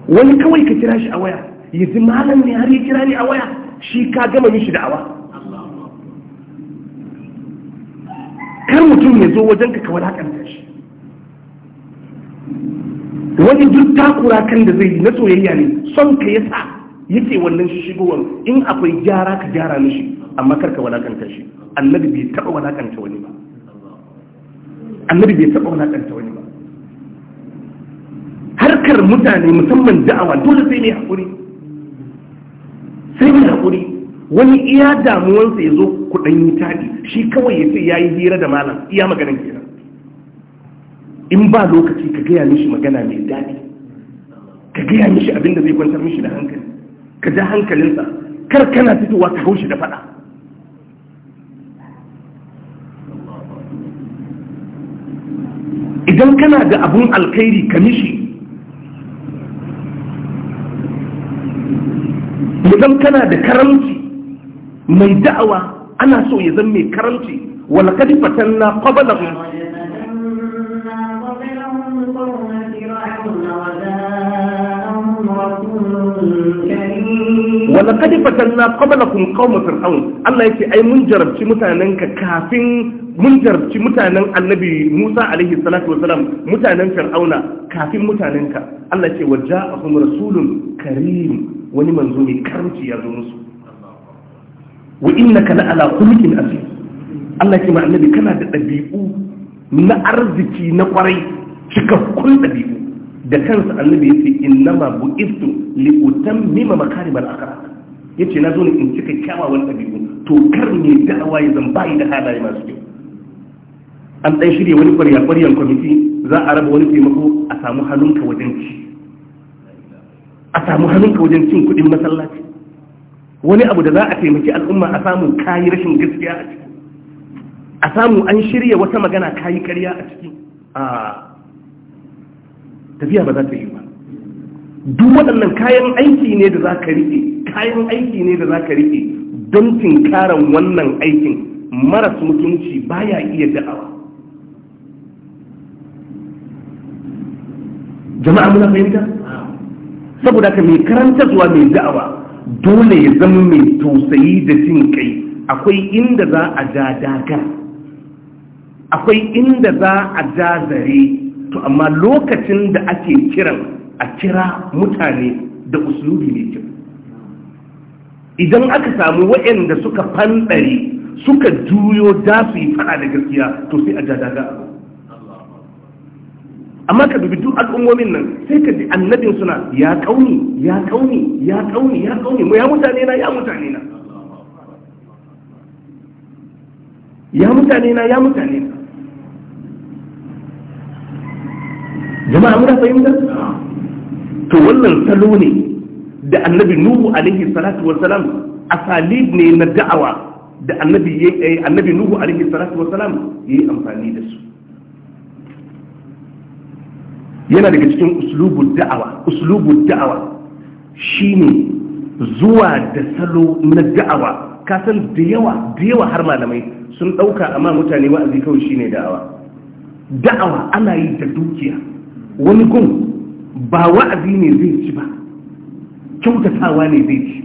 [SPEAKER 1] wani kawai ka kira shi a waya ya ji malam ne har ya kira ni a waya shi ka gama mishi da'awa kar mutum ya zo wajen ka ka wadakanta shi da wani duk takura kan da zai yi na soyayya ne son ka ya sa yake wannan shigowar in akwai gyara ka gyara mishi amma kar ka walakanta shi annabi bai taba walakanta wani ba annabi bai taba walakanta wani ba harkar mutane musamman da'awa dole sai mai hakuri sai mai hakuri wani iya damuwarsa ya zo kuɗin yi taɗi shi kawai ya ce ya yi hira da malam iya maganin kenan in ba lokaci ka gaya mishi magana mai daɗi ka gaya mishi abin zai kwantar mishi da hankali ka ja hankalinsa kar kana fitowa ka haushi da faɗa idan kana da abun alkhairi ka mishi idan kana da karamci mai da'awa ana so ya zama mai karamci fatan na qablahum wala kad fatanna qablakum qauma fir'aun Allah yace ai mun jarabci mutanen ka kafin mun jarabci mutanen annabi Musa alaihi salatu wasalam mutanen fir'auna kafin mutanen ka Allah yace waja'ahum rasulun karim wani manzo mai karanci ya zo musu wa innaka la ala khuluqin asim Allah yace ma annabi kana da ɗabi'u na arziki na kwarai cikakkun ɗabi'u. da kansa annabi yace innama bu'istu li utammima makarimal akhlaq yace na zo ne in cika kyawawan ɗabi'u to kar ne da'awa ya zan bayi da halaye masu kyau an ɗan shirya wani ƙwarya ƙwaryan kwamiti za a raba wani taimako a samu hannunka wajen ci a samu hannunka wajen cin kuɗin masallaci wani abu da za a taimaki al'umma a samu kayi rashin gaskiya a ciki a samu an shirya wata magana kayi karya a ciki a tafiya ba za ta yi ba duk waɗannan kayan aiki ne da za ka riƙe kayan aiki ne da za ka riƙe don tinkaran wannan aikin maras mutunci baya iya da'awa jama'a muna fahimta saboda ka mai karanta zuwa mai da'awa dole ya zama mai tausayi da jin kai akwai inda za a ja dagar akwai inda za a ja zare to amma lokacin da ake kiran a kira mutane da usulubi mai kyau idan aka samu waɗanda suka fanɗare suka juyo da su yi fara da gaskiya to sai a ja daga amma ka dubi duk al'ummomin nan sai ka ji annabin suna ya kauni ya kauni ya kauni ya kauni mu ya mutane na ya mutane na ya mutane na ya mutane na jama'a muna fahimta to wannan salo ne da annabi nuhu alaihi salatu salam asalib ne na da'awa da annabi eh, annabi nuhu alaihi salatu salam yi amfani da su yana daga cikin uslubu da'awa uslubu da'awa shine zuwa da salo na da'awa kasan da yawa da yawa har malamai sun dauka amma mutane wa'azi kawai shine da'awa da'awa ana yi da dukiya wani gun ba wa'azi ne zai ci ba kyautatawa ne zai ci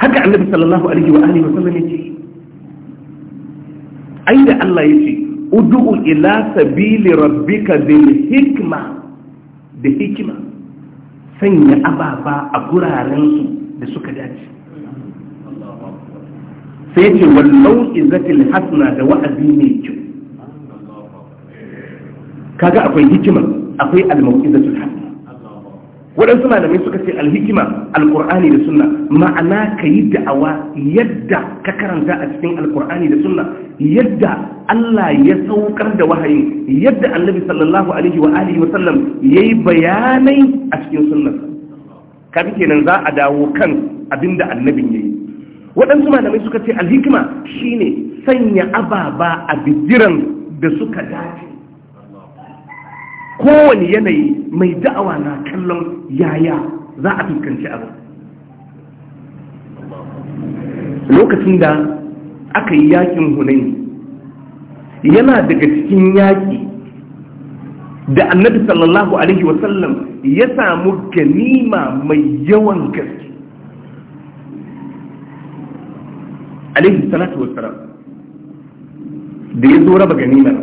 [SPEAKER 1] haka annabi sallallahu alaihi wa alihi wa sallam yace ai da Allah ce ud'u ila sabili rabbika bil hikma da hikima sanya ababa a guraren su da suka dace sai ce wallau izatil hasna da wa'azi ne kyau kaga akwai hikima akwai al hasna waɗansu malamai suka ce alhikima alkur'ani da sunna ma'ana ka yi da'awa yadda ka karanta a cikin alkur'ani da sunna yadda Allah ya saukar da wahayin yadda annabi sallallahu alaihi wa alihi wa sallam yayi bayanai a cikin Ka fi kenan za a dawo kan abinda annabin yayi waɗansu malamai suka ce alhikima shine sanya ababa a bijiran da suka dace kowane yanayi mai da'awa na kallon yaya za a fuskanci abu lokacin da aka yi yakin hunayi yana daga cikin yaƙi da annabi sallallahu alaihi wasallam ya samu ganima mai yawan gaske alaihi salatu wasallam da ya zo raba ganimar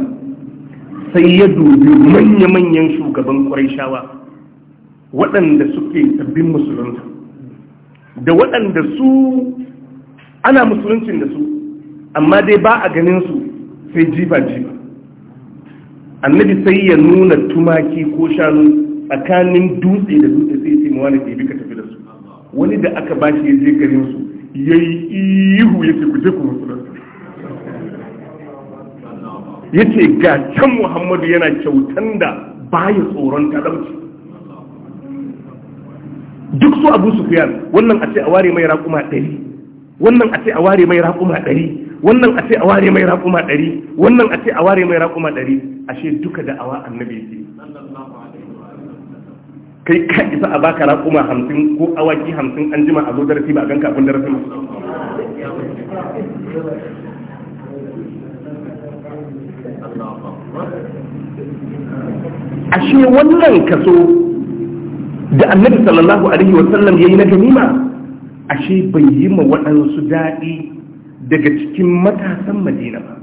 [SPEAKER 1] sai ya dubi manya-manyan shugaban ƙwarishawa waɗanda suke sabbin musulunta da waɗanda su ana musuluncin da su amma dai ba a ganin su sai jifa-jifa annabi sai ya nuna tumaki ko shanu tsakanin dutse da dutse sai sai mawa da bi ka tafi da su wani da aka ba shi ya je garin su ya yi ihu ya ce ku je ku musulunta yace ga can Muhammadu yana kyautan da baya tsoron talauci duk su Abu Sufyan wannan a ce a ware mai raƙuma ɗari wannan a ce a ware mai raƙuma ɗari wannan a ce a ware mai raƙuma ɗari wannan a ce a ware mai raƙuma ɗari ashe duka da awa annabi ke kai ka isa a baka raƙuma hamsin ko awaki hamsin an jima a zo darasi ba a ganka abin darasi ba
[SPEAKER 2] ashe wannan
[SPEAKER 1] kaso da annabi sallallahu alaihi wasallam ya yi na ganima ashe bai yi ma waɗansu daɗi daga cikin matasan madina ba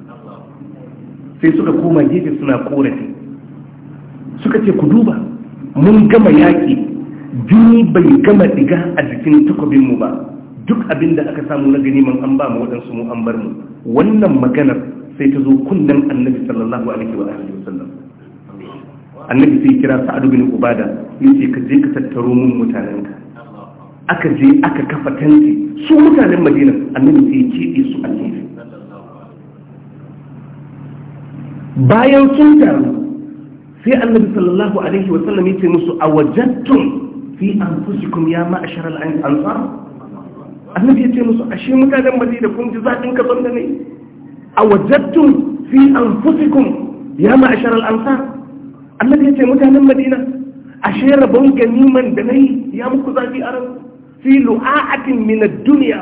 [SPEAKER 1] sai suka koma gefe suna korafi suka ce ku duba mun gama yaƙi jini bai gama diga a jikin takobinmu ba duk abin da aka samu na ganiman an ba mu waɗansu mu an bar mu wannan maganar sai ta zo kunnen annabi sallallahu alaihi wa alihi wasallam annabi sai kira sa'ad bin ubada yace ka je ka tattaro mun mutanen ka aka je aka kafa tanti su mutanen madina annabi sai ya kebe su annabi bayan sun taru sai annabi sallallahu alaihi wasallam yace musu awajattum fi anfusikum ya ma'ashar al-ansar annabi yace musu ashe mutanen madina kun ji zadin ka da ne awajadtum fi anfusikum ya ma'ashar al Allah ya yace mutanen madina ashe rabon ganiman da na yi ya muku zafi a ran fi lu'a'atin min ad-dunya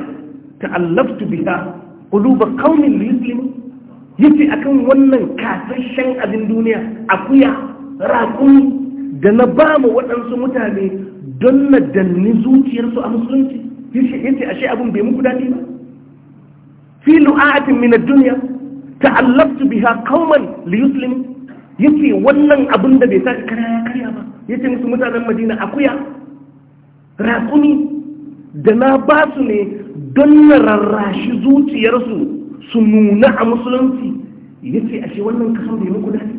[SPEAKER 1] ta'allaftu biha qulub qaumin muslimin yace akan wannan kasashen abin duniya akuya raƙumi da na ba mu waɗansu mutane don na danni zuciyarsu a musulunci yace ashe abin bai muku daɗi ba fi lu'atin min duniya ta ta'allaftu biha qauman li yuslimu yace wannan abin da bai saka karaya karya ba yace musu mutanen Madina akuya raƙumi da na basu ne don na rarrashi zuciyarsu su nuna a musulunci yace ashe wannan kasan bai muku dadi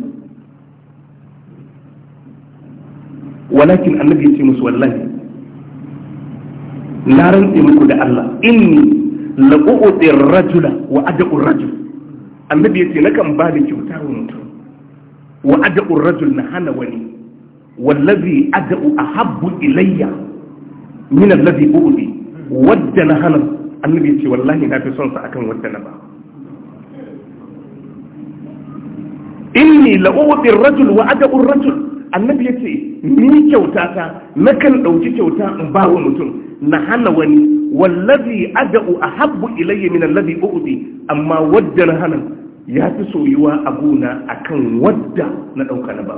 [SPEAKER 1] walakin annabi yace musu wallahi na rantse muku da Allah inni labu'udir rajula wa ad'ur rajul annabi ya ce na kan ba da kyauta wa mutum wa ad'ur rajul na hana wani wallazi ad'u ahabbu ilayya min allazi u'ti wadda na hana annabi ya ce wallahi na fi son sa akan wadda na ba inni la'u'udir rajul wa ad'ur rajul annabi ya ce ni kyauta ta kan dauki kyauta in ba wa mutum na hana wani wallazi ada'u ahabbu ilayya min allazi u'ti amma wadda na hana ya fi soyuwa a gona akan wadda na dauka na ba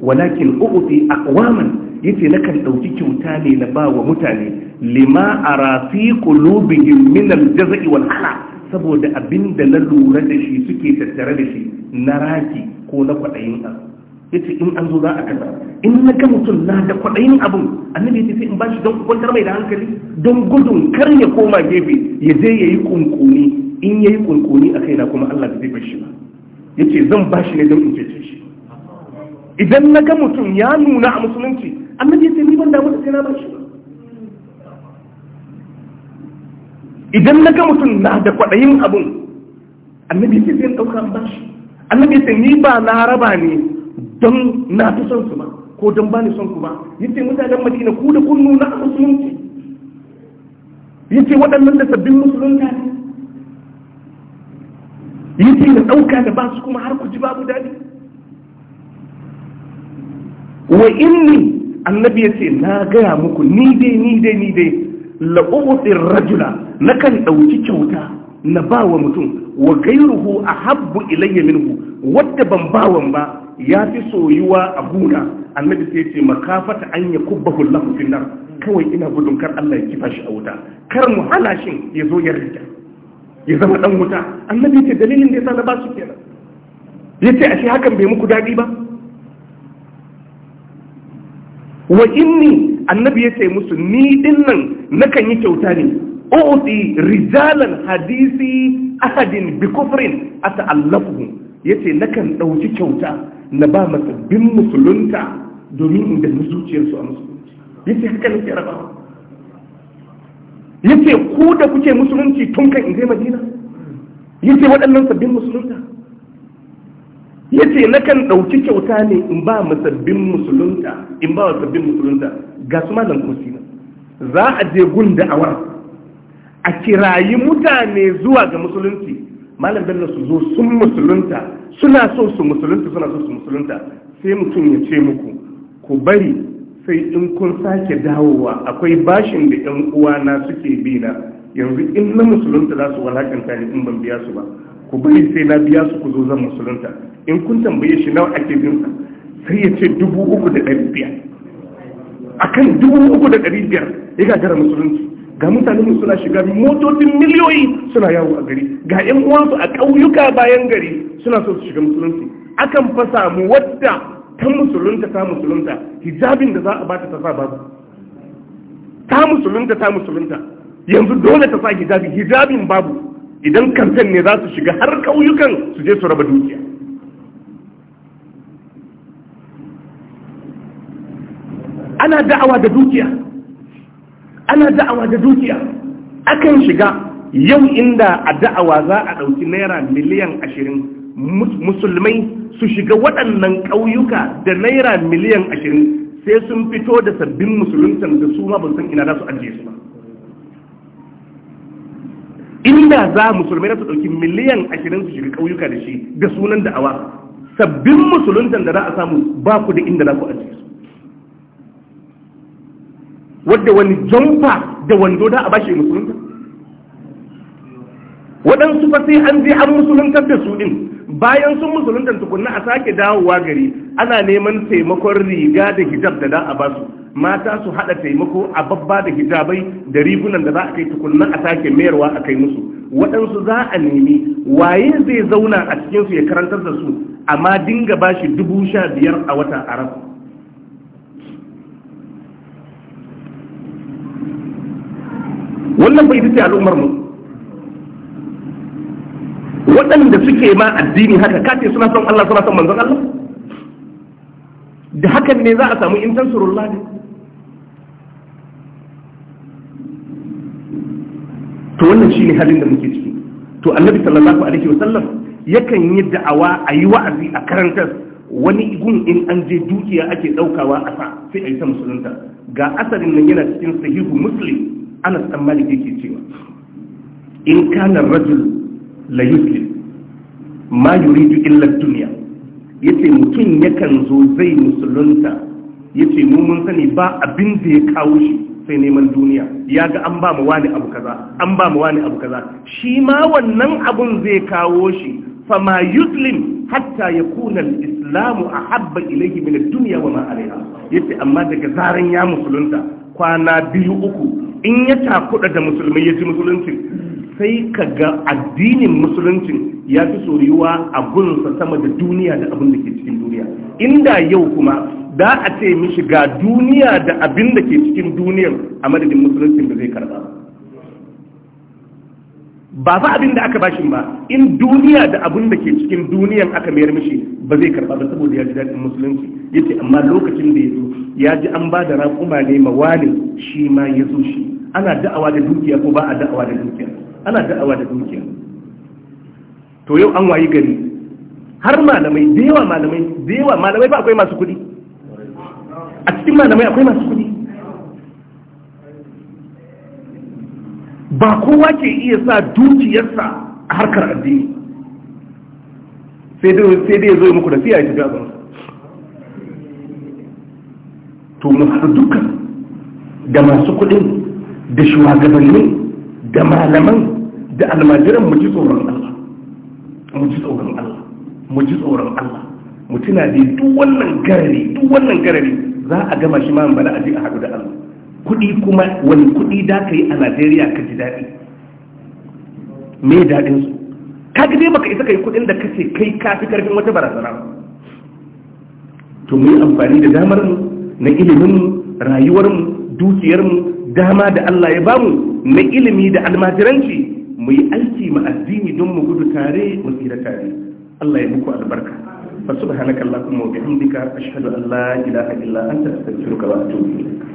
[SPEAKER 1] walakin u'ti aqwaman yace nakan dauki kyauta ne na ba wa mutane lima ara fi qulubihim min al-jaz'i wal hala saboda abinda na lura da shi suke tattare da shi na raki ko na kwadayin abu yace ce in an zo za a kaza in na ga mutum na da kwaɗayin abin annabi ya ce sai in ba shi don kwantar mai da hankali don gudun kar ya koma gefe ya je ya yi kunkuni in ya yi kunkuni a kaina kuma Allah zai bar shi ba ya ce zan ba shi ne don in cece shi idan na ga mutum ya nuna a musulunci annabi ya ce ni ban damu da sai na ba shi ba idan na ga mutum na da kwaɗayin abin annabi ya ce sai in ɗauka an ba shi annabi ya ce ni ba na raba ne don na fi son su ma ko don ba ni son ku ba yace mutanen madina ku da kunnu nuna a musulunci yace waɗannan da sabbin musulunta ne yace na ɗauka da ba su kuma har ku ji babu daɗi wa inni annabi yace na gaya muku ni dai ni dai ni dai la'ubutin rajula na kan ɗauki kyauta na bawa mutum wa gairuhu a habbu ilayya minhu wadda ban bawan ba ya fi soyuwa a guna annabi sai ce makafata an ya kubbahu fi nan kawai ina gudun kar Allah ya kifa shi a wuta kar mu halashin ya zo ya ya zama dan wuta annabi ce dalilin da ya sa na ba su kenan yace ashe hakan bai muku dadi ba wa inni annabi ya ce musu ni dinnan nakan yi kyauta ne uti rijalan hadisi ahadin bi kufrin ata'allafuhu yace nakan dauki kyauta na ba bin musulunta domin inda zuciyarsu a musulunci ce haka nake rabawa ce ku da kuke musulunci tun kan in je madina ce waɗannan sabbin musulunta Ya ce na kan ɗauki kyauta ne in ba sabbin musulunta in ba wa sabbin musulunta ga su malam na za a je gun da'awar a kirayi mutane zuwa ga musulunci malam bello su zo sun musulunta suna so su musulunta suna so su musulunta sai mutum ya ce muku ku bari sai in kun sake dawowa akwai bashin da yan uwana suke bi na yanzu in na musulunta za su walakanta ni in ban biya su ba ku bari sai na biya su ku zo zan musulunta in kun tambaye shi nawa ake sa sai ya ce dubu uku da ɗari biyar akan dubu uku da ɗari biyar ya gagara musulunci ga mutanen suna shiga motocin miliyoyi suna yawo a gari ga yan uwansu a ƙauyuka bayan gari suna so su shiga musulunci akan fasa mu wadda ta musulunta ta musulunta hijabin da za a bata ta sa babu ta musulunta ta musulunta yanzu dole ta sa hijabi hijabin babu idan kamfen ne za su shiga har ƙauyukan su je su raba dukiya ana da'awa da dukiya ana da'awa da dukiya akan shiga yau inda a da'awa za a ɗauki naira miliyan ashirin musulmai su shiga waɗannan ƙauyuka da naira miliyan ashirin sai sun fito da sabbin musuluntan da su ma ba san ina za su ajiye su ba inda za musulmai za su ɗauki miliyan ashirin su shiga ƙauyuka da shi da sunan da'awa sabbin musuluntan da za a samu ba ku da inda za ku ajiye su wadda wani jamfa da wando da a bashi musulunta waɗansu fa sai an je an musuluntar da su ɗin bayan sun musuluntar tukunna a sake dawowa gari ana neman taimakon riga da hijab da za a basu mata su haɗa taimako a babba da hijabai da rigunan da za a kai tukunna a sake mayarwa a kai musu waɗansu za a nemi waye zai zauna a cikinsu ya karantar da su amma dinga ba shi dubu sha biyar a wata a wannan bai ita al'ummar mu waɗanda suke ma addini haka kace suna son Allah suna son manzon Allah da hakan ne za a samu in tansurullah ne to wannan shine halin da muke ciki to annabi sallallahu alaihi wasallam yakan yi da'awa a yi wa'azi a karantar wani gun in an je dukiya ake daukawa a sa sai a yi ta musulunta ga asarin nan yana cikin sahihu muslim anas dan malik yake cewa in kana rajul la yuslim ma yuridu illa dunya yace mutum yakan zo zai musulunta yace mu mun sani ba abin da ya kawo shi sai neman duniya ya ga an ba mu wani abu kaza an ba mu wani abu kaza shi ma wannan abun zai kawo shi fa ma فما يسلم حتى ahabba ilayhi min ad-dunya wa ma عليها yace amma daga zaran ya musulunta kwana biyu uku in ya takuda da musulmai ya ji musuluncin sai ka ga addinin musuluncin ya fi soyuwa a gunsa sama da duniya da abin da ke cikin duniya inda yau kuma da a ce mishi ga duniya da abin da ke cikin duniyar a madadin musuluncin da zai karba ba fa abin da aka bashin ba in duniya da abin da ke cikin duniyan aka mayar mishi ba zai karba ba saboda ya ji daɗin musulunci yace amma lokacin da ya zo ya ji an ba da raƙuma ne mawalin shi ma ya zo shi ana da'awa da dukiya ko ba a da'awa da dukiya ana da'awa da dukiya to yau an wayi gari har malamai da yawa malamai da yawa malamai ba akwai masu kuɗi a cikin malamai akwai masu kuɗi ba kowa ke iya sa dukiyarsa a harkar addini sai dai ya zo muku da siya ya tafi azumsa to mu haɗu duka da masu kudin da shugabanni da malaman da almajiran mu ji tsoron Allah mu ji tsoron Allah mu ji tsoron Allah mu tuna da duk wannan garari duk wannan garari za a gama shi ma bala aje a haɗu da Allah kuɗi kuma wani kuɗi da ka yi a Najeriya ka ji daɗi me daɗinsu? su ka ga dai baka isa kai kuɗin da kace kai ka fi karfin wata barazana to mu yi amfani da damar mu na ilimin mu rayuwar mu dukiyar mu dama da Allah ya bamu na ilimi da almajiranci mu yi aiki ma addini don mu gudu tare mu tsira tare Allah ya muku albarka fa subhanakallahumma wa bihamdika ashhadu an la
[SPEAKER 2] ilaha illa anta astaghfiruka wa atubu ilaik